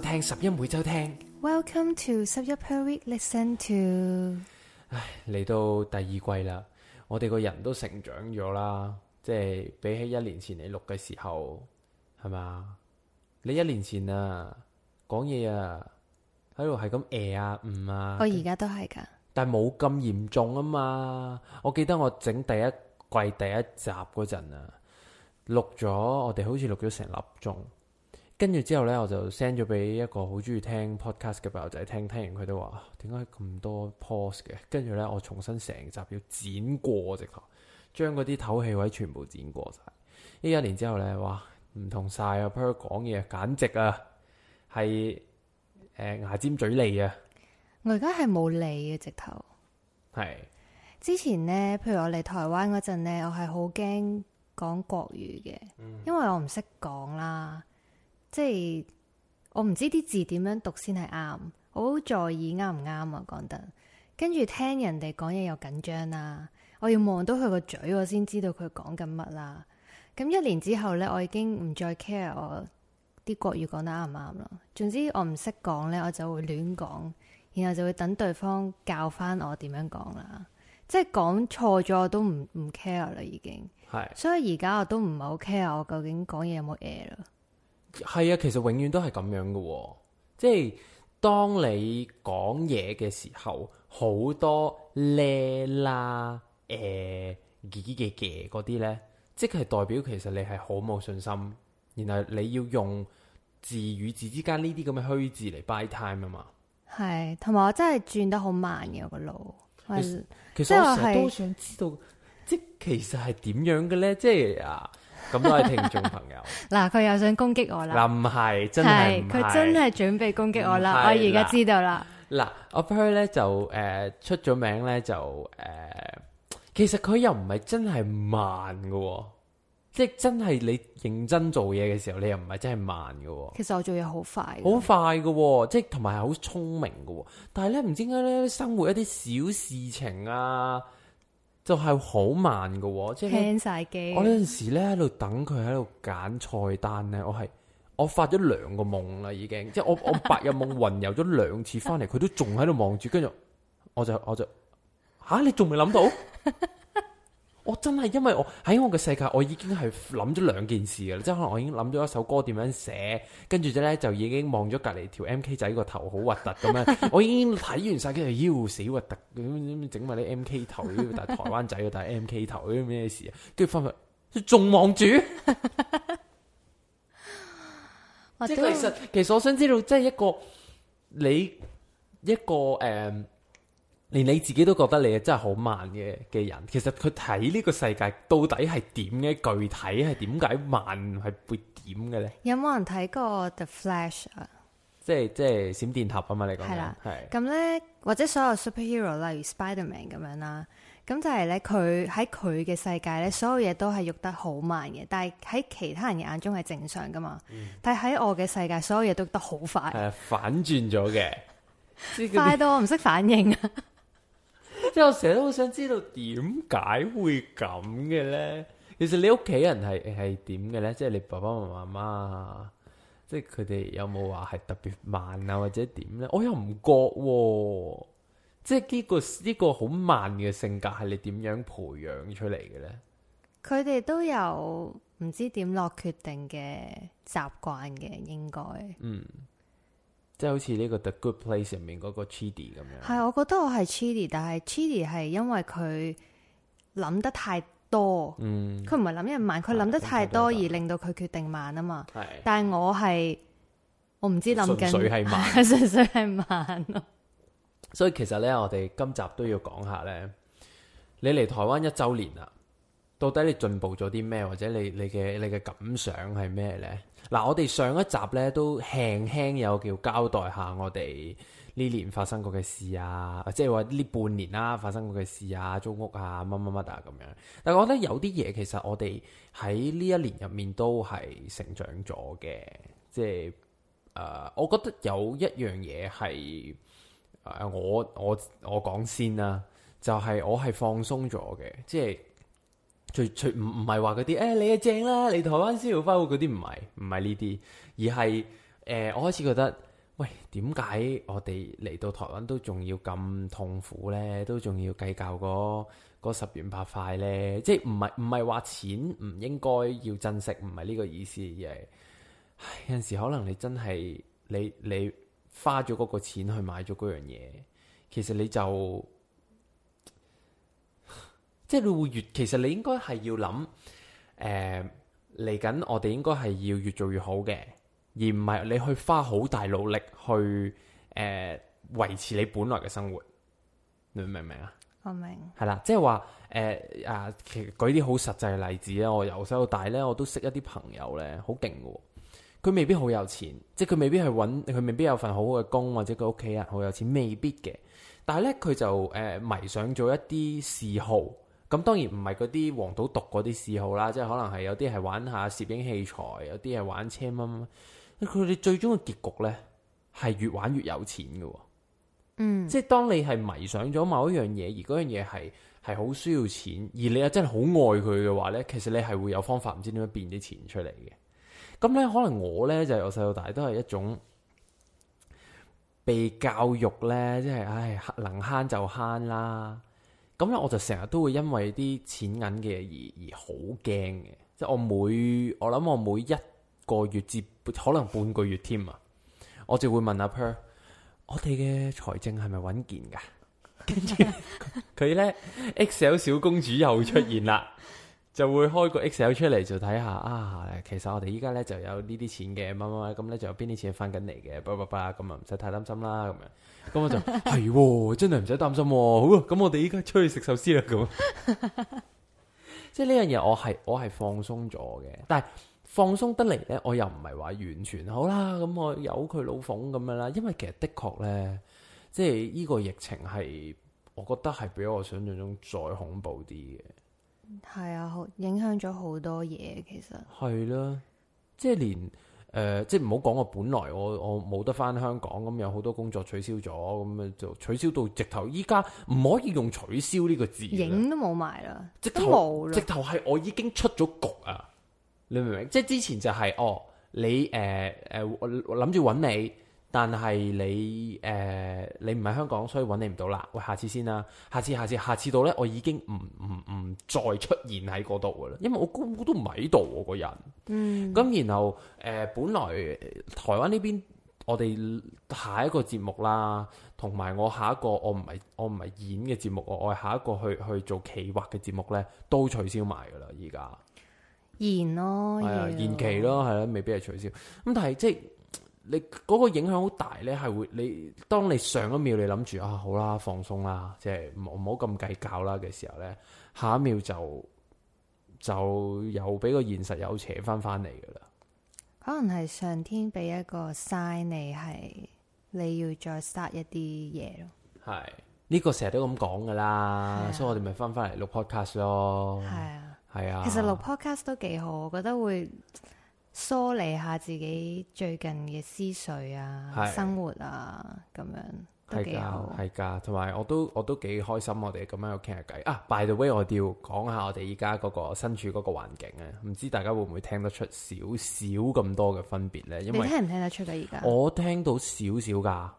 聽十一每周聽，Welcome to 十一 per week listen to。唉，嚟到第二季啦，我哋個人都成長咗啦，即係比起一年前你錄嘅時候，係嘛？你一年前啊，講嘢啊喺度係咁誒啊唔啊，呃呃呃呃呃我而家都係噶，但係冇咁嚴重啊嘛。我記得我整第一季第一集嗰陣啊，錄咗我哋好似錄咗成粒鐘。跟住之後咧，我就 send 咗俾一個好中意聽 podcast 嘅朋友仔聽，聽完佢都話：點解咁多 pause 嘅？跟住咧，我重新成集要剪過直頭，將嗰啲唞氣位全部剪過晒。呢一年之後咧，哇，唔同晒。啊！Per 講嘢簡直啊，係誒、呃、牙尖嘴利啊！我而家係冇脷嘅直頭，係是之前咧，譬如我嚟台灣嗰陣咧，我係好驚講國語嘅，嗯、因為我唔識講啦。即係我唔知啲字點樣讀先係啱，我好在意啱唔啱啊！講得，跟住聽人哋講嘢又緊張啦，我要望到佢個嘴，我先知道佢講緊乜啦。咁一年之後呢，我已經唔再 care 我啲國語講得啱唔啱啦。總之我唔識講呢，我就會亂講，然後就會等對方教翻我點樣講啦。即係講錯咗我都唔唔 care 啦，已經係。是所以而家我都唔係好 care 我究竟講嘢有冇嘢啦。係啊，其實永遠都係咁樣噶、哦，即係當你講嘢嘅時候，好多叻啦，誒、欸，咦、嘅嘅嗰啲咧，即係代表其實你係好冇信心，然後你要用字與字之間呢啲咁嘅虛字嚟 buy time 啊嘛，係，同埋我真係轉得好慢嘅個腦，是其實我成日都想知道，即其實係點樣嘅咧，即係啊。咁多位聽眾朋友。嗱、 啊，佢又想攻擊我啦。嗱、啊，唔係，真係佢真係準備攻擊我，是我啦，啦。我而家知道啦。嗱、呃，阿 Per 咧就誒出咗名咧就誒，其實佢又唔係真係慢噶、哦，即、就、係、是、真係你認真做嘢嘅時候，你又唔係真係慢噶、哦。其實我做嘢好快。好快噶、哦，即係同埋係好聰明噶、哦。但係咧，唔知點解咧，生活一啲小事情啊，就係好慢嘅，即係我呢陣時咧喺度等佢喺度揀菜單咧，我係我發咗兩個夢啦，已經即係我我白日夢雲遊咗兩次翻嚟，佢都仲喺度望住，跟住我就我就吓、啊、你仲未諗到？ 我真係因為我喺我嘅世界，我已經係諗咗兩件事㗎喇，即係可能我已經諗咗一首歌點樣寫，跟住之後咧就已經望咗隔籬條 M K 仔個頭好核突咁樣，我已經睇完晒，跟住，妖死核突，咁整埋啲 M K 頭，但係台灣仔，但係 M K 頭，啲咩事啊？跟住發覺，仲望住，或者 其實，其實我想知道，即係一個你一個誒。嗯連你自己都覺得你真係好慢嘅嘅人，其實佢睇呢個世界到底係點嘅？具體係點解慢係會點嘅咧？呢有冇人睇過 The Flash 啊？即係即係閃電俠啊嘛？你講係啦，係咁咧，或者所有 superhero 例如 Spiderman 咁樣啦，咁就係咧佢喺佢嘅世界咧，所有嘢都係喐得好慢嘅，但係喺其他人嘅眼中係正常噶嘛？但係喺我嘅世界，所有嘢都喐得好、嗯、快，係反轉咗嘅， 快到我唔識反應啊！ 即係我成日都好想知道點解會咁嘅咧？其實你屋企人係係點嘅咧？即係你爸爸媽媽，即係佢哋有冇話係特別慢啊或者點咧？我又唔覺、啊，即係、呢個、呢個呢、呢個好慢嘅性格係你點樣培養出嚟嘅咧？佢哋都有唔知點落決定嘅習慣嘅，應該嗯。即係好似呢個 The Good Place 上面嗰個 Chidi 咁樣，係，我覺得我係 Chidi，但係 Chidi 係因為佢諗得太多，嗯，佢唔係諗一慢，佢諗得太多而令到佢決定慢啊嘛，係，嗯，但係我係我唔知諗緊，水係慢，純粹係 慢咯，啊，所以其實咧，我哋今集都要講下咧，你嚟台灣一周年啦。到底你進步咗啲咩，或者你你嘅你嘅感想係咩咧？嗱，我哋上一集咧都輕輕有叫交代下我哋呢年發生過嘅事啊，即係話呢半年啦、啊、發生過嘅事啊，租屋啊乜乜乜啊咁樣。但係我覺得有啲嘢其實我哋喺呢一年入面都係成長咗嘅，即係誒、呃，我覺得有一樣嘢係誒，我我我講先啦、啊，就係、是、我係放鬆咗嘅，即係。最最唔唔係話嗰啲，誒、哎、你啊正啦你台灣消費嗰啲唔係唔係呢啲，而係誒、呃、我開始覺得，喂點解我哋嚟到台灣都仲要咁痛苦咧，都仲要計較嗰十元八塊咧？即係唔係唔係話錢唔應該要珍惜，唔係呢個意思，而係唉，有陣時可能你真係你你花咗嗰個錢去買咗嗰樣嘢，其實你就。即係你會越，其實你應該係要諗，誒嚟緊我哋應該係要越做越好嘅，而唔係你去花好大努力去誒、呃、維持你本來嘅生活，你明唔明、呃、啊？我明。係啦，即係話誒啊，其實舉啲好實際嘅例子咧，我由細到大咧，我都識一啲朋友咧，好勁㗎，佢未必好有錢，即係佢未必係搵，佢未必有份好好嘅工，或者佢屋企人好有錢，未必嘅，但係咧佢就誒、呃、迷上咗一啲嗜好。咁當然唔係嗰啲黃賭毒嗰啲嗜好啦，即係可能係有啲係玩下攝影器材，有啲係玩車乜乜乜。佢哋最終嘅結局呢，係越玩越有錢嘅。哦，嗯，即係當你係迷上咗某一樣嘢，而嗰樣嘢係係好需要錢，而你又真係好愛佢嘅話呢，其實你係會有方法唔知點樣變啲錢出嚟嘅。咁呢，可能我呢，就由細到大都係一種被教育呢，即係唉能慳就慳啦。咁咧、嗯，我就成日都會因為啲錢銀嘅嘢而而好驚嘅，即係我每我諗我每一個月至可能半個月添啊，我就會問阿 Per，我哋嘅財政係咪穩健㗎？跟住佢咧，Excel 小公主又出現啦。就會開個 Excel 出、er、嚟就睇下啊，其實我哋依家咧就有呢啲錢嘅乜乜乜，咁咧 ab 就有邊啲錢返緊嚟嘅，吧吧吧，咁啊唔使太擔心啦咁樣，咁我就係真係唔使擔心，好，咁我哋依家出去食壽司啦咁，即係呢樣嘢我係我係放鬆咗嘅，但係放鬆得嚟咧，我又唔係話完全好啦，咁我由佢老馮咁樣啦，因為其實的確咧，即係呢個疫情係我覺得係比我想像中再恐怖啲嘅。係啊，影響咗好多嘢，其實係啦、啊，即係連誒、呃，即係唔好講我本來我我冇得翻香港，咁有好多工作取消咗，咁、嗯、咪就取消到直頭依家唔可以用取消呢個字，影都冇埋啦，直頭冇啦，直頭係我已經出咗局啊！你明唔明？即係之前就係、是、哦，你誒誒我諗住揾你。但係你誒、呃，你唔係香港，所以搵你唔到啦。喂，下次先啦，下次、下次、下次到呢，我已經唔唔唔再出現喺嗰度噶啦，因為我我都唔喺度啊，個人。嗯。咁然後誒、呃，本來台灣呢邊我哋下一個節目啦，同埋我下一個我唔係我唔係演嘅節目，我下一個去去做企劃嘅節目呢——都取消埋噶啦，而家。延咯、哦，延、哎、期咯，係啦、哦，未必係取消。咁但係即係。你嗰個影響好大咧，係會你當你上一秒你諗住啊，好啦放鬆啦，即係唔好咁計較啦嘅時候咧，下一秒就就又俾個現實又扯翻翻嚟噶啦。可能係上天俾一個 sign 你係你要再 start 一啲嘢咯。係，呢個成日都咁講噶啦，啊、所以我哋咪翻翻嚟錄 podcast 咯。係啊，係啊，其實錄 podcast 都幾好，我覺得會。梳理下自己最近嘅思緒啊，是生活啊，咁樣都幾好，啊。係噶，同埋我都我都幾開心，我哋咁樣去傾下偈。啊，by the way，我哋要講下我哋依家嗰個身處嗰個環境啊，唔知大家會唔會聽得出少少咁多嘅分別咧？因為聽唔聽得出噶？而家我聽到少少噶，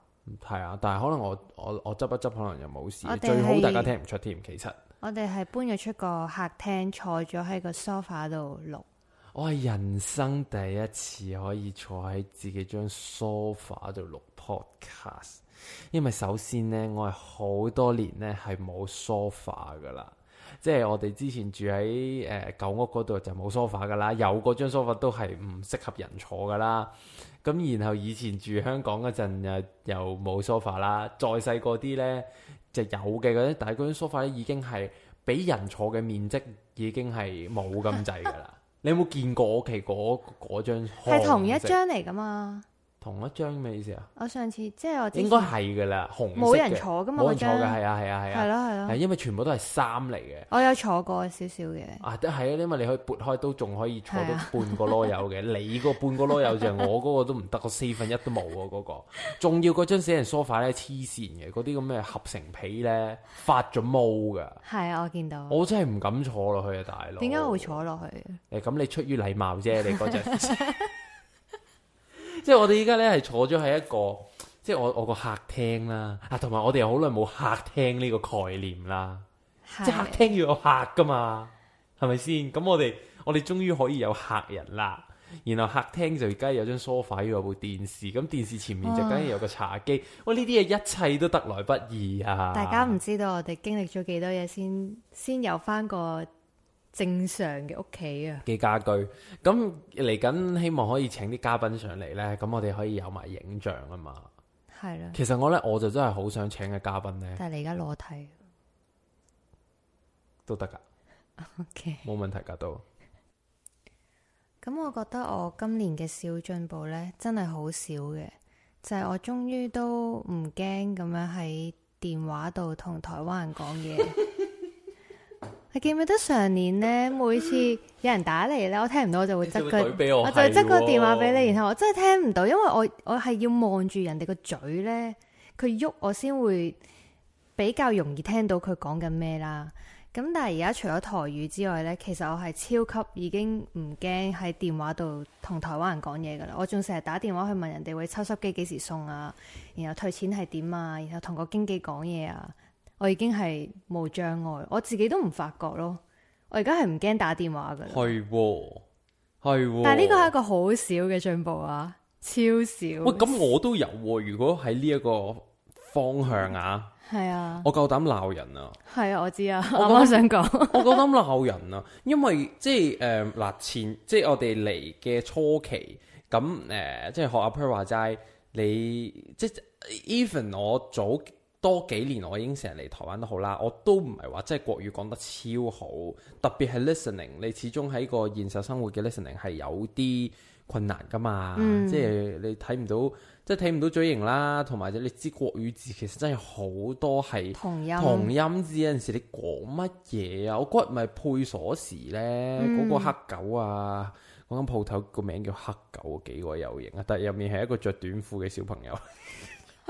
係啊，但係可能我我我執不執，可能又冇事。最好大家聽唔出添。其實我哋係搬咗出個客廳，坐咗喺個 sofa 度錄。我係人生第一次可以坐喺自己張 sofa 度錄 podcast，因為首先呢，我係好多年呢係冇 sofa 㗎喇，即係我哋之前住喺誒、呃、舊屋嗰度就冇 sofa 㗎喇，有嗰張 sofa 都係唔適合人坐㗎喇。咁然後以前住香港嗰陣又又冇 sofa 啦，再細個啲呢就有嘅啲，但係嗰張 sofa 已經係畀人坐嘅面積已經係冇咁滯㗎喇。 你有冇見過我屋企嗰張相？係同一張嚟噶嘛？同一張咩意思啊？我上次即係我應該係嘅啦，紅冇人坐嘅，冇人坐嘅，係啊，係啊，係啊，係咯、啊，係咯、啊，係、啊啊、因為全部都係衫嚟嘅。我有坐過少少嘅。啊，都係啊，因為你可以撥開都仲可以坐到半個攞柚嘅。啊、你個半個攞柚就係我嗰個都唔得，我四分一都冇喎嗰個。仲要嗰張死人梳 o f 咧，黐線嘅，嗰啲咁嘅合成皮咧，發咗毛嘅。係啊，我見到。我真係唔敢坐落去啊大佬。點解會坐落去？誒，咁你出於禮貌啫，你嗰陣。 即係我哋依家咧，係坐咗喺一個，即係我我個客廳啦，啊，同埋我哋又好耐冇客廳呢個概念啦。是即係客廳要有客噶嘛，係咪先？咁我哋我哋終於可以有客人啦。然後客廳就而家有張梳化，要有部電視，咁電視前面就梗係有個茶幾。哦，哇！呢啲嘢，一切都得來不易啊！大家唔知道我哋經歷咗幾多嘢先先有翻個。正常嘅屋企啊，嘅家居咁嚟緊，希望可以請啲嘉賓上嚟呢。咁我哋可以有埋影像啊嘛，係啦的。其實我呢，我就真係好想請嘅嘉賓呢。但係你而家裸體都得噶，OK，冇問題噶都。咁 我覺得我今年嘅小進步呢，真係好少嘅，就係、是、我終於都唔驚咁樣喺電話度同台灣人講嘢。 你記唔記得上年咧，每次有人打嚟咧，我聽唔到，我就會執個，我，我就執個電話俾你，的然後我真係聽唔到，因為我我係要望住人哋個嘴咧，佢喐我先會比較容易聽到佢講緊咩啦。咁但係而家除咗台語之外咧，其實我係超級已經唔驚喺電話度同台灣人講嘢噶啦。我仲成日打電話去問人哋會抽濕機幾時送啊，然後退錢係點啊，然後同個經紀講嘢啊。我已經係冇障礙，我自己都唔發覺咯。我而家係唔驚打電話噶啦。係、哦、係、哦。但係呢個係一個好少嘅進步啊，超少。喂，咁我都有、啊。如果喺呢一個方向啊，係、嗯、啊，我夠膽鬧人啊。係啊，我知啊，我諗想講， 我夠膽鬧人啊，因為即係誒嗱，前即係我哋嚟嘅初期，咁、嗯、誒，即係學阿 Per 話齋，你即係 even 我早。多幾年我已經成日嚟台灣都好啦，我都唔係話即係國語講得超好，特別係 listening，你始終喺個現實生活嘅 listening 係有啲困難㗎嘛，嗯、即係你睇唔到，即係睇唔到嘴型啦，同埋你知國語字其實真係好多係同音同音字，有陣時你講乜嘢啊？我嗰日咪配鎖匙呢。嗰、嗯、個黑狗啊，嗰間鋪頭個名叫黑狗，幾個有型啊，但入面係一個着短褲嘅小朋友。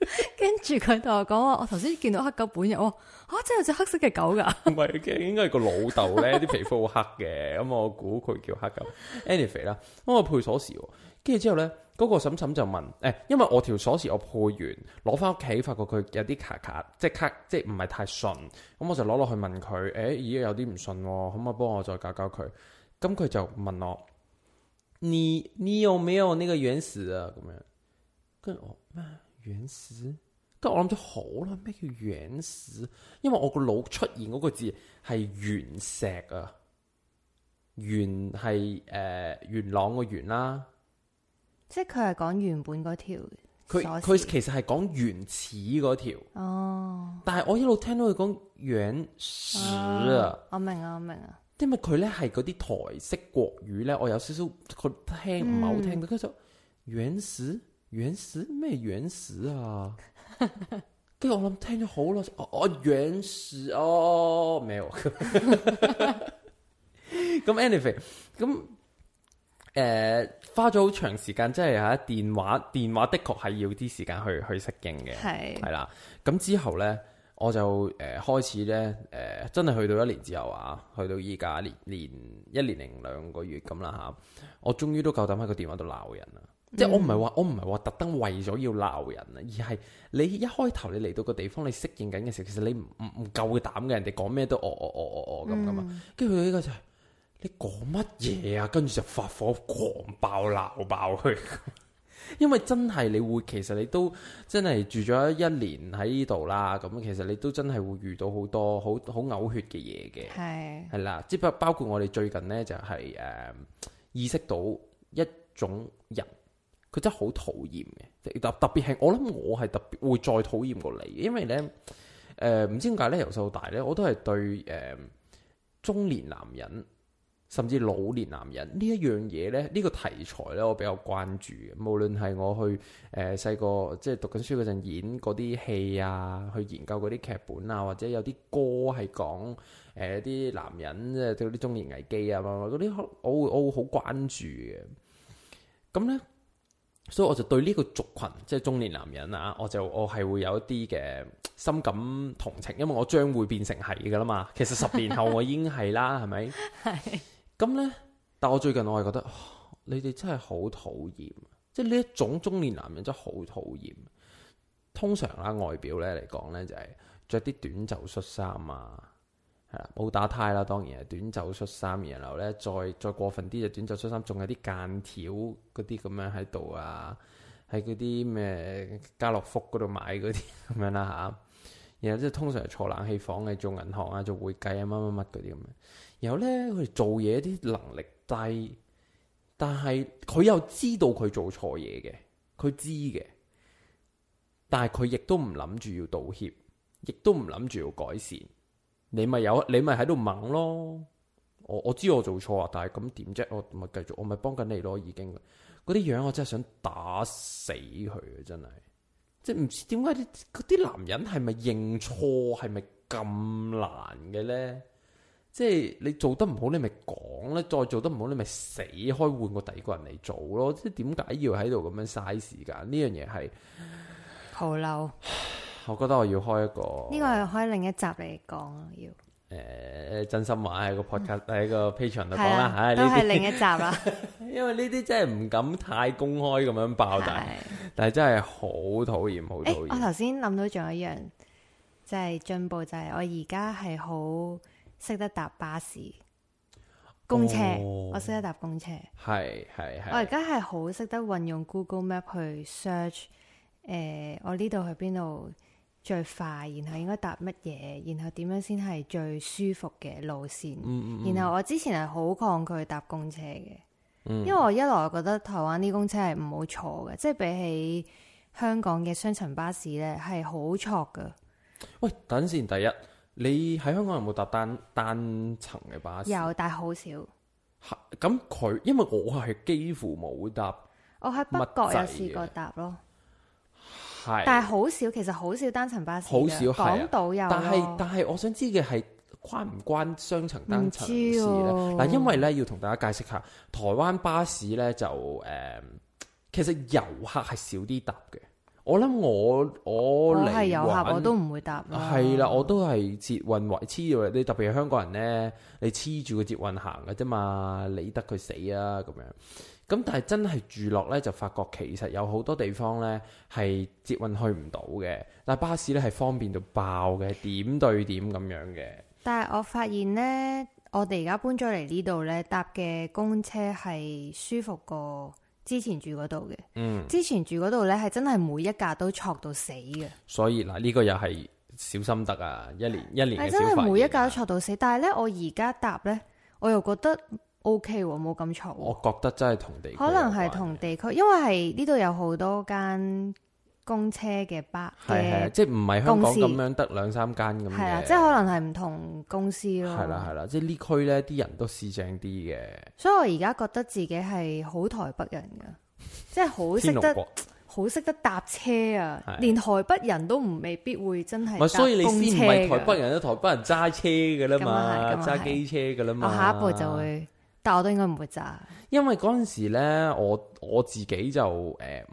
跟住佢同我講話，我頭先見到黑狗本人，我吓、啊、真係隻黑色嘅狗噶，唔係， 其實應該係個老豆咧，啲皮膚好黑嘅。咁、 嗯、我估佢叫黑狗 Anyway 啦。幫、啊、我配鎖匙，跟住之後咧，嗰、那個嬸嬸就問誒、欸，因為我條鎖匙我配完攞翻屋企，發覺佢有啲卡卡，即係即係唔係太順。咁、嗯、我就攞落去問佢，誒、欸，咦，有啲唔順，可唔可以幫我再搞搞佢？咁、嗯、佢就問我你你有咩有呢個原始啊？咁樣跟住我咩。原始，咁我諗咗好耐，咩叫原始？因為我個腦出現嗰個字係、啊呃啊、原，原、哦、元石啊，原係誒元朗個元啦，即係佢係講原本嗰條，佢佢其實係講原始嗰條哦，但係我一路聽到佢講原始啊，我明啊，我明啊，因為佢咧係嗰啲台式國語咧，我有少少佢聽唔係好聽到，叫做原始。原石咩？原石啊！跟住 我諗聽咗好耐，哦哦，原石哦，沒有。咁 anything，咁誒花咗好長時間，即係吓電話電話的確係要啲時間去去適應嘅。係係是啦。咁、嗯、之後咧，我就誒、呃、開始咧，誒、呃、真係去到一年之後啊，去到依家年年，年一年零兩個月咁啦吓。我終於都夠膽喺個電話度鬧人啦。即係我唔係話，我唔係話特登為咗要鬧人啊，而係你一開頭你嚟到個地方，你適應緊嘅時候，其實你唔唔唔夠膽嘅。人哋講咩都哦哦哦哦哦咁噶嘛。跟住去到呢個就係你講乜嘢啊？跟住就發火狂爆鬧爆佢。 因為真係你會其實你都真係住咗一年喺呢度啦。咁其實你都真係會遇到好多好好嘔血嘅嘢嘅，係係啦。即係包包括我哋最近呢，就係、係、誒、嗯、意識到一種人。佢真係好討厭嘅，特別我我特別係我諗我係特別會再討厭過你，因為咧，誒、呃、唔知點解咧，由細到大咧，我都係對誒、呃、中年男人甚至老年男人一呢一樣嘢咧，呢、這個題材咧，我比較關注嘅。無論係我去誒細個即係讀緊書嗰陣演嗰啲戲啊，去研究嗰啲劇本啊，或者有啲歌係講誒啲、呃、男人即係嗰啲中年危機啊，啲我，我會我會好關注嘅。咁咧。所以我就對呢個族群，即係中年男人啊，我就我係會有一啲嘅深感同情，因為我將會變成係嘅啦嘛。其實十年後我已經係啦，係咪？咁呢，但我最近我係覺得，你哋真係好討厭，即係呢一種中年男人真係好討厭。通常啦、啊，外表呢嚟講呢，就係着啲短袖恤衫啊。冇打呔啦，當然係短袖恤衫，然後咧，再再過分啲就短袖恤衫，仲有啲間條嗰啲咁樣喺度啊，喺嗰啲咩家樂福嗰度買嗰啲咁樣啦、啊、嚇。然後即係通常坐冷氣房嘅，做銀行啊，做會計啊，乜乜乜嗰啲咁樣。然後咧，佢做嘢啲能力低，但係佢又知道佢做錯嘢嘅，佢知嘅，但係佢亦都唔諗住要道歉，亦都唔諗住要改善。你咪有，你咪喺度猛咯！我我知我做錯啊，但係咁點啫？我咪繼續，我咪幫緊你咯，已經。嗰啲樣我真係想打死佢啊！真係，即係唔知點解啲嗰啲男人係咪認錯係咪咁難嘅咧？即係你做得唔好，你咪講咧；再做得唔好，你咪死開，換個第二個人嚟做咯。即係點解要喺度咁樣嘥時間？呢樣嘢係好嬲。我覺得我要開一個，呢個係開另一集嚟講要誒、呃、真心話喺個 podcast 喺、嗯、個 Patreon 度講啦，係、啊、都係另一集啦。 因為呢啲真係唔敢太公開咁樣爆大，是，但係真係好討厭，好討厭。欸、我頭先諗到仲有一樣，就係、是、進步就係我而家係好識得搭巴士、公車，哦、我識得搭公車，係係係。我而家係好識得運用 Google Map 去 search，誒、呃，我呢度去邊度？最快，然後應該搭乜嘢，然後點樣先係最舒服嘅路線？嗯嗯、然後我之前係好抗拒搭公車嘅，嗯、因為我一來覺得台灣啲公車係唔好坐嘅，即係比起香港嘅雙層巴士呢係好挫㗎。喂，等先，第一，你喺香港有冇搭單單層嘅巴士？有，但係好少。咁佢，因為我係幾乎冇搭，我喺北角有試過搭咯。但係好少，其實好少單層巴士，少港島有，啊、但係是但係、啊呃，我想知嘅係關唔關雙層單層巴士咧？嗱，因為咧要同大家解釋下，台灣巴士咧就誒，其實遊客係少啲搭嘅。我諗我我我係遊客，我都唔會搭啦。係啦、啊，我都係捷運或黐住你，特別係香港人咧，你黐住個捷運行嘅啫嘛，理得佢死啊咁樣。咁但係真係住落咧，就發覺其實有好多地方咧係捷運去唔到嘅，但係巴士咧係方便到爆嘅，點對點咁樣嘅。但係我發現咧，我哋而家搬咗嚟呢度咧，搭嘅公車係舒服過之前住嗰度嘅。嗯，之前住嗰度咧係真係每一架都坐到死嘅。所以嗱，呢個又係小心得啊！一年一年係真係每一架都坐到死，但係咧我而家搭咧，我又覺得。O K，冇咁嘈。我覺得真係同地區，可能係同地區，因為係呢度有好多間公車嘅巴，係係，即係唔係香港咁樣得兩三間咁樣，係啊，即係可能係唔同公司咯。係啦係啦，即係呢區咧啲人都市正啲嘅，所以我而家覺得自己係好台北人噶，即係好識得好識得搭車啊！連台北人都唔未必會真係。所以你先唔係台北人都台北人揸車噶啦嘛，揸機車噶啦嘛，我下一步就會。但我都應該唔會揸，因為嗰陣時呢，我我自己就誒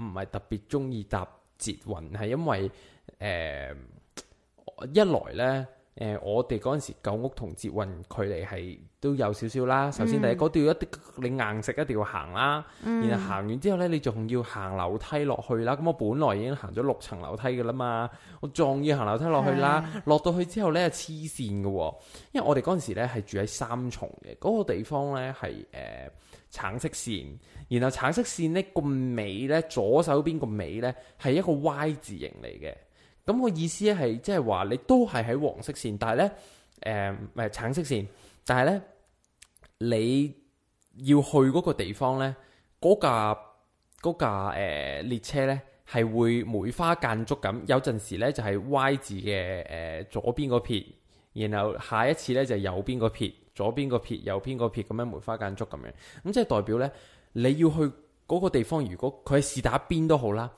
唔係特別鍾意搭捷運，係因為誒、呃、一來呢。誒、呃，我哋嗰陣時舊屋同捷運距離係都有少少啦。首先第一，嗰度、嗯、一啲你硬食一定要行啦，嗯、然後行完之後呢，你仲要行樓梯落去啦。咁、嗯嗯、我本來已經行咗六層樓梯嘅啦嘛，我仲要行樓梯落去啦。嗯、落到去之後呢，黐線嘅，因為我哋嗰陣時呢係住喺三重嘅嗰、那個地方呢，係誒、呃、橙色線，然後橙色線呢個尾呢，左手邊個尾呢，係一個 Y 字型嚟嘅。咁我意思咧，係即係話你都係喺黃色線，但係咧，誒唔係橙色線，但係咧，你要去嗰個地方咧，嗰架、嗰架誒、呃、列車咧，係會梅花間竹咁，有陣時咧就係、是、Y 字嘅誒、呃、左邊個撇，然後下一次咧就是、右邊個撇，左邊個撇，右邊個撇，咁樣梅花間竹咁樣，咁即係代表咧，你要去嗰個地方，如果佢係打邊都好啦。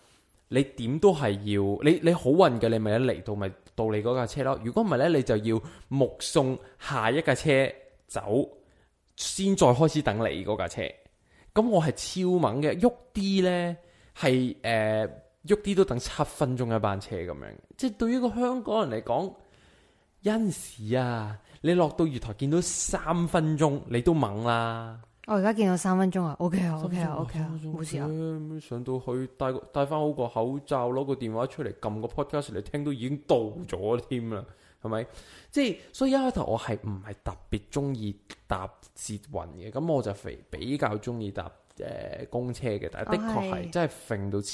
你點都係要你你好運嘅，你咪一嚟到咪到你嗰架車咯。如果唔係呢，你就要目送下一架車走，先再開始等你嗰架車。咁我係超猛嘅，喐啲呢係誒、喐啲都等七分鐘一班車咁樣。即係對於個香港人嚟講，有陣時啊，你落到月台見到三分鐘，你都猛啦。我而家見到三分鐘啊，OK 啊，OK 啊，OK 啊了，冇事啊。上到去戴個戴翻好個口罩，攞個電話出嚟，撳個 podcast 嚟聽，到已經到咗添啦，係咪？即係所以一開頭我係唔係特別中意搭捷運嘅，咁我就肥比較中意搭誒、呃、公車嘅，但係的確係是真係揈到黐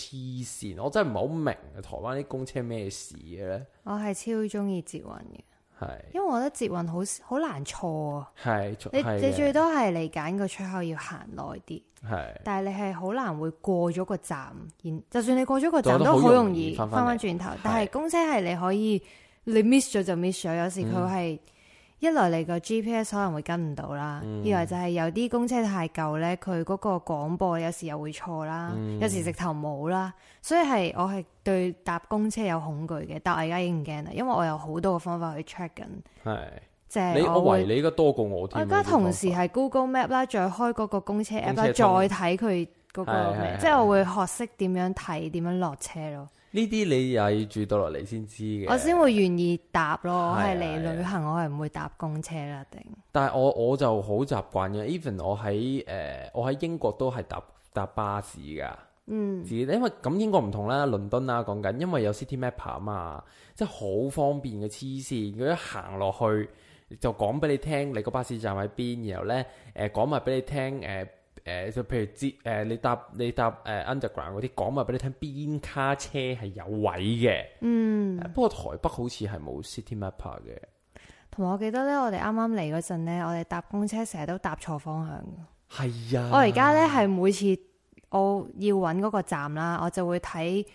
線，我真係唔係好明、啊、台灣啲公車咩事嘅咧？我係超中意捷運嘅。係，因為我覺得捷運好好難錯啊！係，你你最多係嚟揀個出口要行耐啲，係是，但係你係好難會過咗個站，然就算你過咗個站都好容易返返轉頭。但係公車係你可以，你 miss 咗就 miss 咗，的有時佢係。嗯一來你個 GPS 可能會跟唔到啦，二來、嗯、就係有啲公車太舊咧，佢嗰個廣播有時又會錯啦，嗯、有時直頭冇啦，所以係我係對搭公車有恐懼嘅，但係我而家已經唔驚啦，因為我有好多嘅方法去 check 緊，係即係我懷疑，你而家多過我，我而家同時係 Google Map 啦，再開嗰個公車 app 公車再睇佢嗰個名，的的即係我會學識點樣睇點樣落車咯。呢啲你又要住到落嚟先知嘅，我先會願意搭咯。我係嚟旅行，啊啊、我係唔會搭公車啦。定但係我我就好習慣嘅，even 我喺誒、呃、我喺英國都係搭搭巴士噶。嗯，自己，因為咁英國唔同啦，倫敦啦講緊，因為有 Citymapper 啊嘛，即係好方便嘅，黐線。佢一行落去就講俾你聽，你個巴士站喺邊，然後呢，誒講埋俾你聽誒。呃誒、呃、就譬如接誒、呃、你搭你搭誒、呃、Underground 嗰啲講話俾你聽邊卡車係有位嘅，嗯、呃，不過台北好似係冇 CityMapper 嘅、er。同埋我記得咧，我哋啱啱嚟嗰陣咧，我哋搭公車成日都搭錯方向。係啊，我而家咧係每次我要揾嗰個站啦，我就會睇，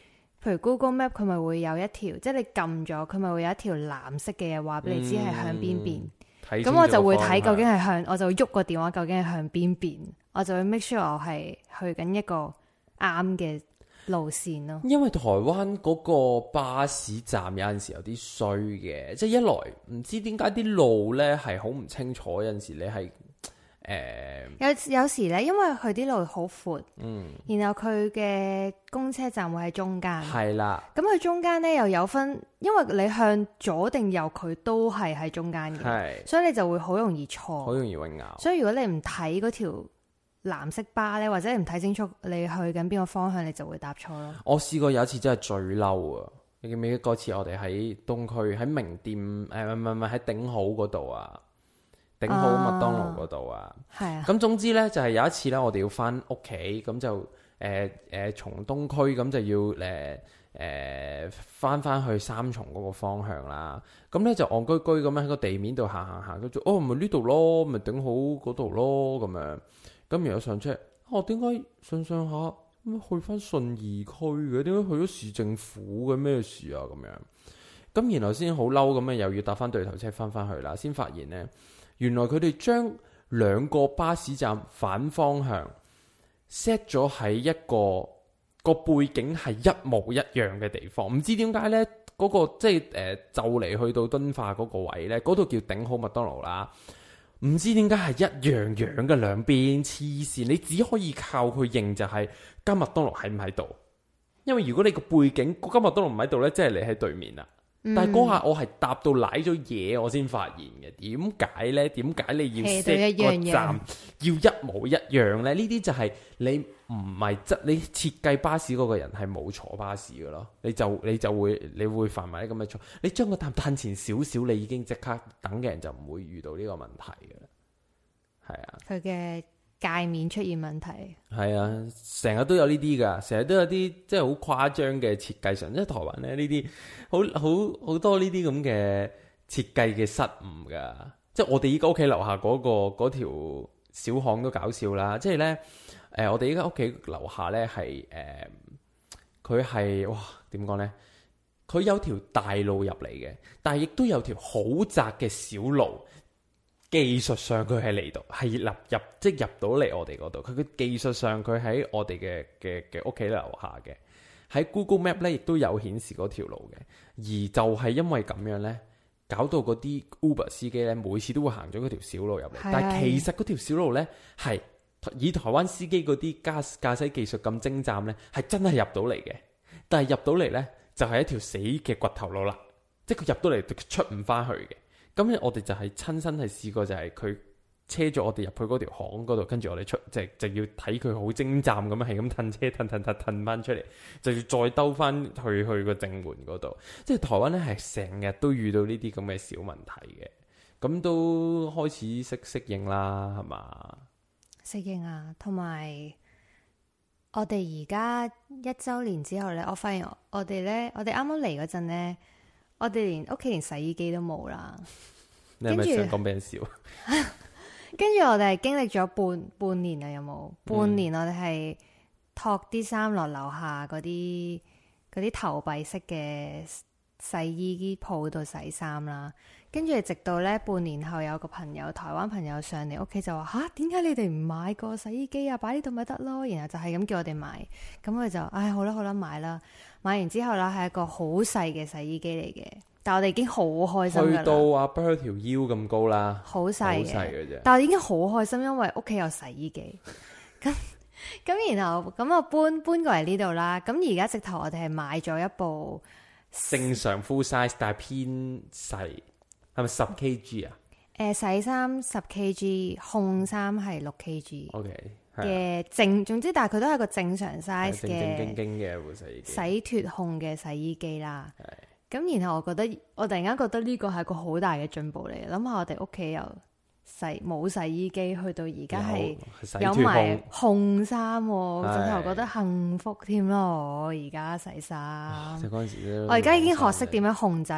譬如 Google Map 佢咪會有一條，即係你撳咗佢咪會有一條藍色嘅嘢話俾你知係向邊邊。嗯咁我就會睇究竟係向，嗯、我就喐個電話，究竟係向邊邊，我就會 make sure 我係去緊一個啱嘅路線咯。因為台灣嗰個巴士站有陣時有啲衰嘅，即係一來唔知點解啲路呢係好唔清楚，有陣時你係誒。欸有有時咧，因為佢啲路好闊，嗯，然後佢嘅公車站會喺中間，係啦的。咁佢中間咧又有分，因為你向左定右，佢都係喺中間嘅，的所以你就會好容易錯，好容易混淆。所以如果你唔睇嗰條藍色巴咧，或者你唔睇清楚你去緊邊個方向，你就會搭錯咯。我試過有一次真係最嬲啊！你記唔記得嗰次我哋喺東區喺名店，誒唔係唔係喺頂好嗰度啊？頂好麥當勞嗰度啊，係啊。咁總之咧，就係、是、有一次咧，我哋要翻屋企咁就誒誒，從、呃呃、東區咁就要誒誒翻翻去三重嗰個方向啦。咁咧就戇居居咁樣喺個地面度行行行，跟住哦，唔係呢度咯，咪、就、頂、是、好嗰度咯咁樣。咁然後上車，我點解上上下咁去翻信義區嘅？點解去咗市政府嘅？咩事啊？咁樣咁，然後先好嬲咁啊，又要搭翻對頭車翻翻去啦，先發現咧。原來佢哋將兩個巴士站反方向 set 咗喺一個個背景係一模一樣嘅地方，唔知點解呢，嗰個即係、呃、就嚟去到敦化嗰個位呢，嗰度叫頂好麥當勞啦。唔知點解係一樣樣嘅兩邊黐線，你只可以靠佢認就係今麥當勞喺唔喺度？因為如果你個背景今麥當勞唔喺度呢，即係你喺對面啦。嗯、但係嗰下我係搭到瀨咗嘢，我先發現嘅。點解呢？點解你要一個站一樣要一模一樣呢？呢啲就係你唔係執，你設計巴士嗰個人係冇坐巴士㗎囉。你就你就會你會犯埋啲咁嘅錯。你將個站褪前少少，你已經即刻等嘅人就唔會遇到呢個問題嘅啦。係啊，佢嘅。界面出現問題，係啊，成日都有呢啲㗎，成日都有啲，即係好誇張嘅設計上，即係台灣咧呢啲好好好多呢啲咁嘅設計嘅失誤㗎，即係我哋依家屋企樓下嗰、嗰個嗰條小巷都搞笑啦，即係咧誒，我哋依家屋企樓下咧係誒，佢係、呃、哇點講咧？佢有條大路入嚟嘅，但係亦都有條好窄嘅小路。技術上佢喺嚟度，係入入即係入到嚟我哋嗰度。佢，佢技術上佢喺我哋嘅嘅嘅屋企樓下嘅，喺 Google Map 咧亦都有顯示嗰條路嘅。而就係因為咁樣呢，搞到嗰啲 Uber 司機呢，每次都會行咗嗰條小路入嚟。的但係其實嗰條小路呢，係以台灣司機嗰啲駕駕駛技術咁精湛呢，係真係入到嚟嘅。但係入到嚟呢，就係、是、一條死嘅掘頭路啦，即係佢入到嚟出唔返去嘅。今日我哋就係親身係試過就去，就係佢車咗我哋入去嗰條巷嗰度，跟住我哋出，即係就要睇佢好精湛咁樣，係咁褪車褪褪褪褪翻出嚟，就要再兜翻去去個正門嗰度。即係台灣咧，係成日都遇到呢啲咁嘅小問題嘅，咁、嗯嗯、都開始適適應啦，係嘛？適應啊，同埋我哋而家一周年之後咧，我發現我哋咧，我哋啱啱嚟嗰陣咧。我哋連屋企連洗衣機都冇啦，跟住你係咪想講俾人笑。跟住我哋係經歷咗半半年啊，有冇？ 半年，有有、嗯、半年我哋係托啲衫落樓下嗰啲嗰啲投幣式嘅。洗衣機鋪度洗衫啦，跟住直到咧半年後有個朋友台灣朋友上嚟屋企就話，吓，點解你哋唔買個洗衣機啊？擺呢度咪得咯？然後就係咁叫我哋買，咁佢就唉好啦好啦買啦，買完之後啦係一個好細嘅洗衣機嚟嘅，但我哋已經好開心。去到阿 Bird 條腰咁高啦，好細嘅，但係已經好開心，因為屋企有洗衣機。咁 然後咁我搬搬過嚟呢度啦，咁而家直頭我哋係買咗一部。正常 full size 但係偏細，係咪十 kg 啊？誒、呃、洗衫十 kg，烘衫係六 kg。O K 嘅正總之，但係佢都係個正常 size 正正經經嘅洗脫烘嘅洗衣機啦。咁的然後我覺得，我突然間覺得呢個係個好大嘅進步嚟。諗下我哋屋企又。洗冇洗衣機，去到而家係有埋控衫、啊，直頭覺得幸福添咯！唉我而家洗衫，我而家已經學識點樣控制，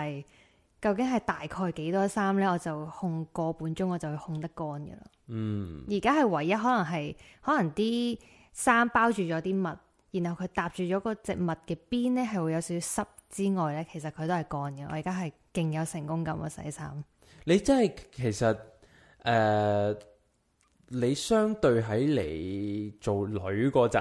究竟係大概幾多衫咧？我就控個半鐘，我就會控得乾噶啦。嗯，而家係唯一可能係可能啲衫包住咗啲物，然後佢搭住咗個植物嘅邊咧，係會有少少濕之外咧，其實佢都係乾嘅。我而家係勁有成功感啊！洗衫，你真係其實。誒，uh, 你相對喺你做女嗰陣，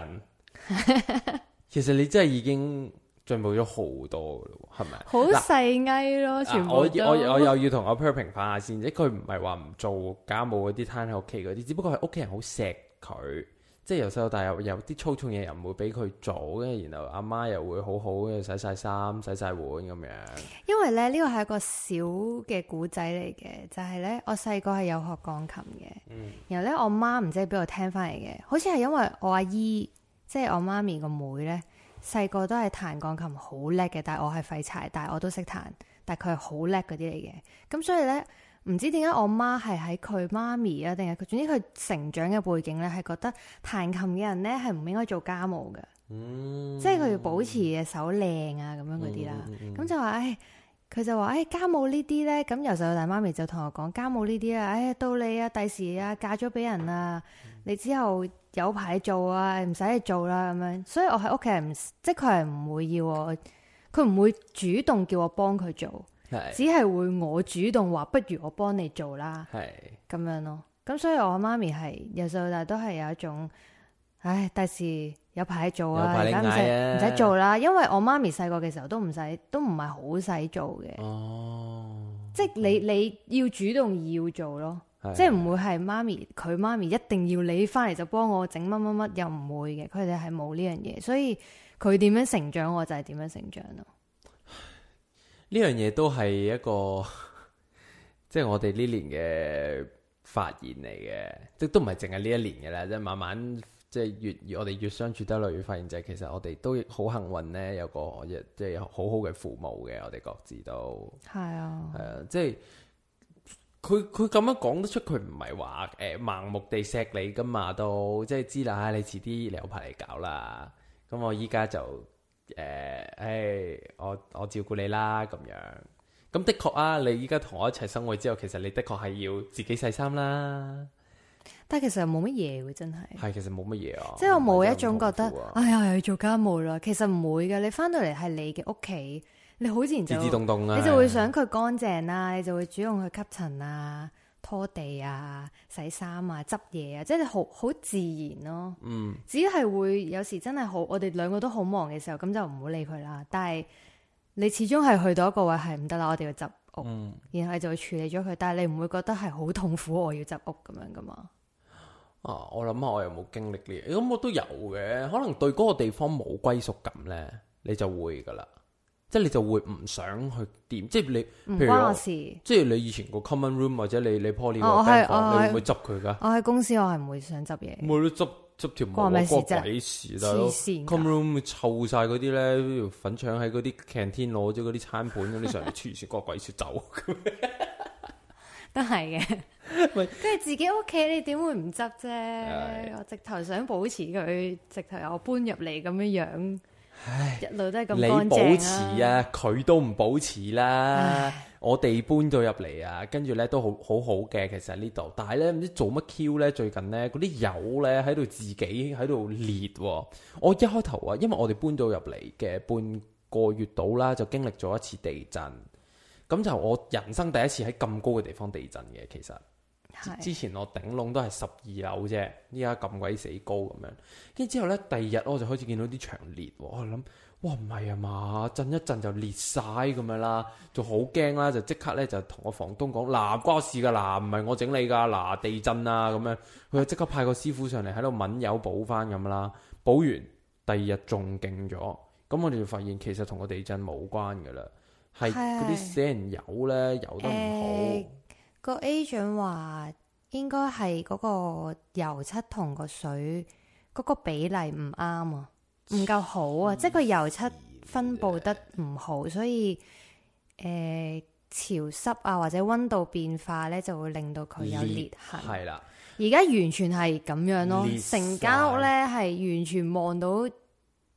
其實你真係已經進步咗好多咯，係咪？好細矮咯，啊、全部、啊、我我，我，我又要同我 Per 評反下先，即佢唔係話唔做家務嗰啲，攤喺屋企嗰啲，只不過係屋企人好錫佢。即係由細到大有有啲粗重嘢又唔會俾佢做嘅，然後阿媽，媽又會好好嘅洗晒衫、洗晒碗咁樣。因為咧呢個係一個小嘅古仔嚟嘅，就係、是、咧我細個係有學鋼琴嘅，嗯、然後咧我媽唔知係俾我聽翻嚟嘅，好似係因為我阿姨即係、就是、我媽咪個妹咧，細個都係彈鋼琴好叻嘅，但係我係廢柴，但係我都識彈，但係佢係好叻嗰啲嚟嘅，咁所以咧。唔知點解我媽係喺佢媽咪啊，定係佢？總之佢成長嘅背景咧，係覺得彈琴嘅人咧係唔應該做家務嘅，嗯、即係佢要保持嘅手靚啊，咁、嗯、樣嗰啲啦。咁、嗯、就話，誒、哎，佢就話，誒、哎，家務呢啲咧，咁由細到大媽咪就同我講，家務呢啲啊，誒、哎，到你啊，第時啊嫁咗俾人啊，嗯、你之後有排做啊，唔使你做啦咁樣。所以我喺屋企係唔，即係佢係唔會要我，佢唔會主動叫我幫佢做。只係會我主動話，不如我幫你做啦，咁是樣咯。咁所以我媽咪係由細到大都係有一種，唉，第時有排做啊，而家唔使唔使做啦。因為我媽咪細個嘅時候都唔使，都唔係好使做嘅。哦，即係你你要主動要做咯，是即係唔會係媽咪佢媽咪一定要你翻嚟就幫我整乜乜乜，又唔會嘅。佢哋係冇呢樣嘢，所以佢點樣成長我，我就係、是、點樣成長咯。呢樣嘢都係一個，即係我哋呢年嘅發現嚟嘅，即都唔係淨係呢一年嘅啦，即係慢慢即係越，越我哋越相處得耐，越發現就係其實我哋都好幸運咧，有個即係好好嘅父母嘅，我哋各自都係啊，係啊，即係佢佢咁樣講得出，佢唔係話誒盲目地錫你噶嘛，都即係知啦，你遲啲你有排嚟搞啦，咁我依家就。誒，哎、yeah, hey,，我我照顧你啦，咁樣，咁的確啊，你依家同我一齊生活之後，其實你的確係要自己洗衫啦。但係其實又冇乜嘢，真係。係其實冇乜嘢啊，即係我冇一種覺得，哎呀，又要做家務啦。其實唔會嘅，你翻到嚟係你嘅屋企，你好自然，自自動動啦、啊，你就會想佢乾淨啦、啊，的你就會主動去吸塵啊。拖地啊、洗衫啊、執嘢啊，即係好好自然咯、啊。嗯，只係會有時真係好，我哋兩個都好忙嘅時候，咁就唔好理佢啦。但係你始終係去到一個位係唔得啦，我哋要執屋，嗯、然後你就會處理咗佢。但係你唔會覺得係好痛苦？我要執屋咁樣噶嘛？啊，我諗下我又冇經歷呢，咁我都有嘅。可能對嗰個地方冇歸屬感咧，你就會噶啦。即係你就會唔想去掂，即係你譬如，關我事，我即係你以前個 common room 或者你你 Poly 個房，你會唔會執佢㗎？我喺公司，我係唔會想執嘢。唔係都執執條毛，關鬼事，common room 臭晒嗰啲咧，粉腸喺嗰啲 canteen 攞咗嗰啲餐盤嗰啲上嚟黐住，個鬼出走。都係嘅，即係自己屋企，你點會唔執啫？我直頭想保持佢，直頭由我搬入嚟咁樣樣。唉，一路都係咁乾淨、啊、你保持啊，佢都唔保持啦。我哋搬咗入嚟啊，唉跟住咧都好好好嘅。其實呢度，但係咧唔知做乜 Q 咧，最近咧嗰啲油咧喺度自己喺度裂、啊。我一開頭啊，因為我哋搬咗入嚟嘅半個月到啦，就經歷咗一次地震。咁就我人生第一次喺咁高嘅地方地震嘅，其實。之前我頂籠都係十二樓啫，依家咁鬼死高咁樣，跟住之後呢，第二日我就開始見到啲牆裂，我諗哇唔係啊嘛，震一震就裂晒咁樣啦，就好驚啦，就即刻呢，就同個房東講，嗱、啊、關事噶嗱，唔、啊、係我整你噶嗱、啊、地震啊咁樣，佢就即刻派個師傅上嚟喺度揾油補翻咁啦，補完第二日仲勁咗，咁我哋就發現其實同個地震冇關噶啦，係嗰啲死人油呢，油得唔好。欸個 agent 話應該係嗰個油漆同個水嗰個比例唔啱啊，唔夠好啊，即係個油漆分佈得唔好，所以誒、呃、潮濕啊或者溫度變化咧就會令到佢有裂痕。係啦，而家完全係咁樣咯，成間屋咧係完全望到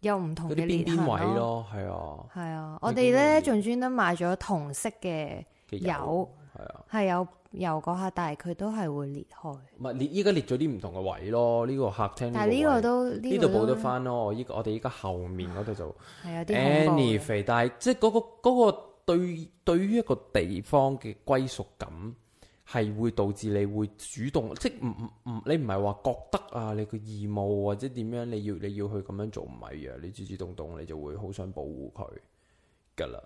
有唔同嘅裂痕咯。係啊，係啊，啊我哋咧仲專登買咗同色嘅油，係啊，係有。有嗰下，但係佢都係會裂開。唔係裂，依家裂咗啲唔同嘅位咯。呢個客廳，但係呢個都呢度補得翻咯。依、這個、我哋依家後面嗰度就。係有啲。any 肥，但係即係嗰個嗰個對對於一個地方嘅歸屬感，係會導致你會主動，即係唔唔唔，你唔係話覺得啊，你個義務或者點樣，你要你要去咁樣做唔係啊？你自自動動，你就會好想保護佢噶啦，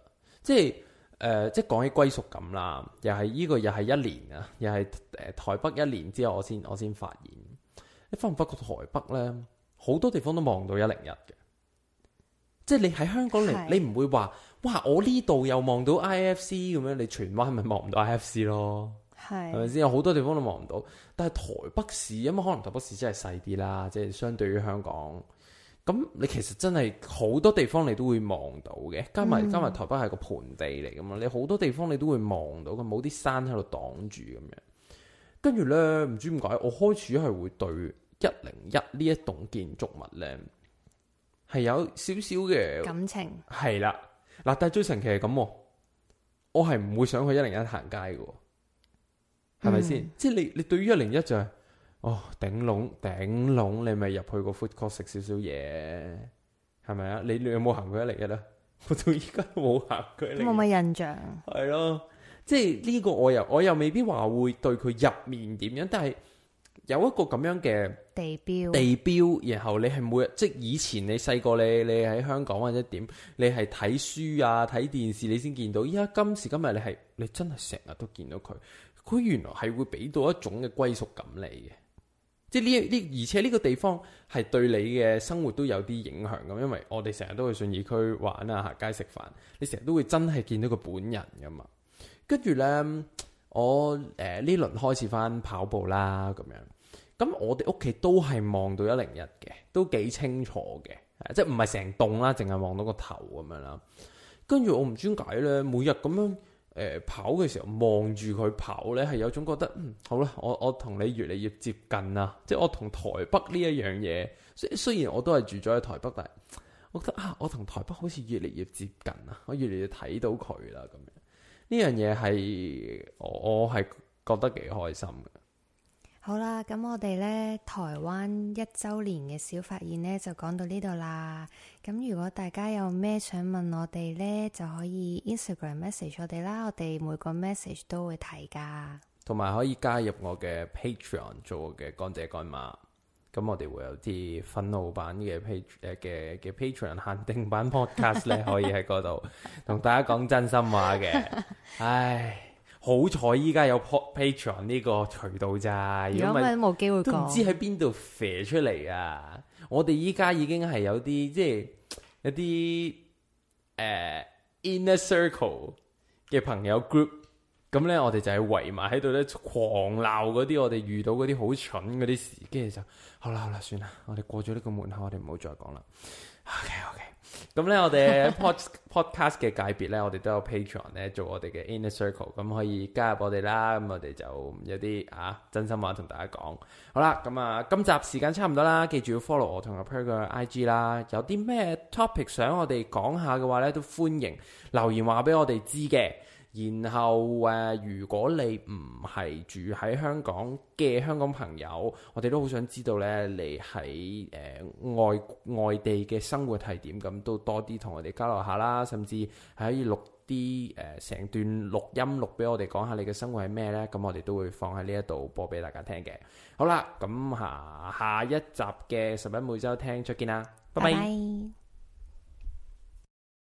即係。誒、呃，即係講起歸屬感啦，又係呢個又係一年啊，又係誒、呃、台北一年之後我，我先我先發現，你發唔發覺台北咧好多地方都望到一零一嘅？即係你喺香港嚟，是你唔會話，哇！我呢度又望到 I F C 咁樣，你荃灣咪望唔到 I F C 咯，係咪先？有好多地方都望唔到，但係台北市因為，可能台北市真係細啲啦，即係相對於香港。咁你其實真係好多地方你都會望到嘅，加埋加埋台北係個盆地嚟噶嘛，你好多地方你都會望到嘅，冇啲山喺度擋住咁樣。跟住咧，唔知點解我開始係會對一零一呢一棟建築物咧，係有少少嘅感情。係啦，嗱，但係最神奇係咁，我係唔會想去一零一行街嘅，係咪先？嗯，即係你你對於一零一就係，是。哦，頂龍頂龍，你咪入去個 food court 食少少嘢，係咪啊？你你有冇行過一嚟嘅咧？我到依家都冇行過佢。你冇乜印象？係咯，即係呢個我又我又未必話會對佢入面點樣，但係有一個咁樣嘅地標地標，然後你係每日即以前你細個你你喺香港或者點，你係睇書啊睇電視你先見到。依家今時今日你係你真係成日都見到佢，佢原來係會俾到一種嘅歸屬感你嘅。即係呢一呢，而且呢個地方係對你嘅生活都有啲影響咁，因為我哋成日都去信義區玩啊，行街食飯，你成日都會真係見到佢本人噶嘛。跟住咧，我誒呢輪開始翻跑步啦咁樣。咁我哋屋企都係望到一零一嘅，都幾清楚嘅，啊，即係唔係成棟啦，淨係望到個頭咁樣啦。跟住我唔知點解咧，每日咁樣。誒、呃、跑嘅時候望住佢跑呢係有種覺得，嗯，好啦，我我同你越嚟越接近啊！即係我同台北呢一樣嘢，雖雖然我都係住咗喺台北，但係我覺得啊，我同台北好似越嚟越接近啊！我越嚟越睇到佢啦，咁樣呢樣嘢係我我係覺得幾開心。好啦，咁我哋咧台灣一周年嘅小發現咧就講到呢度啦。咁如果大家有咩想問我哋咧，就可以 Instagram message 我哋啦，我哋每個 message 都會睇噶。同埋可以加入我嘅 Patreon 做嘅乾爹乾媽，咁我哋會有啲憤怒版嘅 Pat 嘅嘅 Patreon 限定版 Podcast 咧， 可以喺嗰度同大家講真心話嘅。 唉。好彩依家有 Patreon 呢個渠道咋，如果咪冇機會講，都唔知喺邊度射出嚟啊！ 我哋依家已經係有啲即係一啲誒、呃、inner circle 嘅朋友 group，咁咧我哋就係圍埋喺度咧狂鬧嗰啲我哋遇到嗰啲好蠢嗰啲事，跟住就好啦好啦，算啦，我哋過咗呢個門口，我哋唔好再講啦。OK OK。咁咧， 我哋 podcast 嘅界別咧，我哋都有 Patreon 咧做我哋嘅 inner circle，咁可以加入我哋啦。咁我哋就有啲啊，真心話同大家講。好啦，咁啊，今集時間差唔多啦，記住要 follow 我同阿 Per 嘅 IG 啦。有啲咩 topic 想我哋講下嘅話咧，都歡迎留言話俾我哋知嘅。然後誒，如果你唔係住喺香港嘅香港朋友，我哋都好想知道呢。你喺誒、呃、外外地嘅生活係點，咁都多啲同我哋交流下啦，甚至係可以錄啲誒成段錄音錄俾我哋講下你嘅生活係咩呢。咁我哋都會放喺呢一度播俾大家聽嘅。好啦，咁下下一集嘅拾壹每週聽，再見啦，拜拜。拜拜。